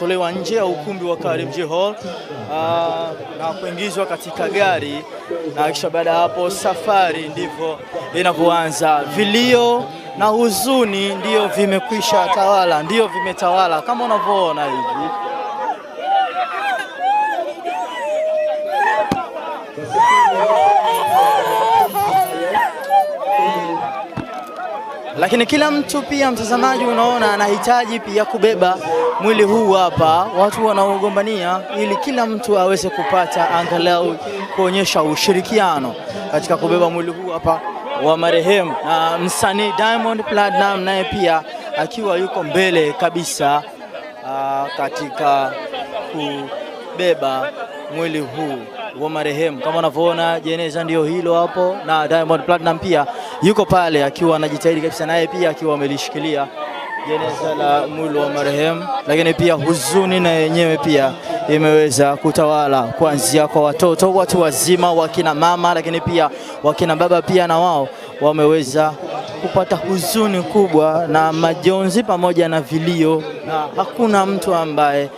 kutolewa nje ya ukumbi wa KRMG Hall uh, na kuingizwa katika gari na kisha baada ya hapo safari ndivyo inavyoanza Vilio na huzuni ndio vimekwisha tawala, ndio vimetawala kama unavyoona hivi. lakini kila mtu pia mtazamaji, unaona anahitaji pia kubeba mwili huu hapa, watu wanaogombania, ili kila mtu aweze kupata angalau kuonyesha ushirikiano katika kubeba mwili huu hapa wa marehemu, na msanii Diamond Platnumz naye pia akiwa yuko mbele kabisa a, ah, katika kubeba mwili huu wa marehemu. Kama unavyoona jeneza ndio hilo hapo, na Diamond Platnumz pia yuko pale akiwa anajitahidi kabisa, naye pia akiwa amelishikilia jeneza la mwili wa marehemu, lakini pia huzuni na yenyewe pia imeweza kutawala kuanzia kwa watoto, watu wazima, wakina mama, lakini pia wakina baba pia na wao wameweza kupata huzuni kubwa na majonzi pamoja na vilio, na hakuna mtu ambaye